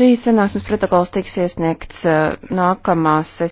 Šīs sanāksmes protokols tiks iesniegts uh, nākamās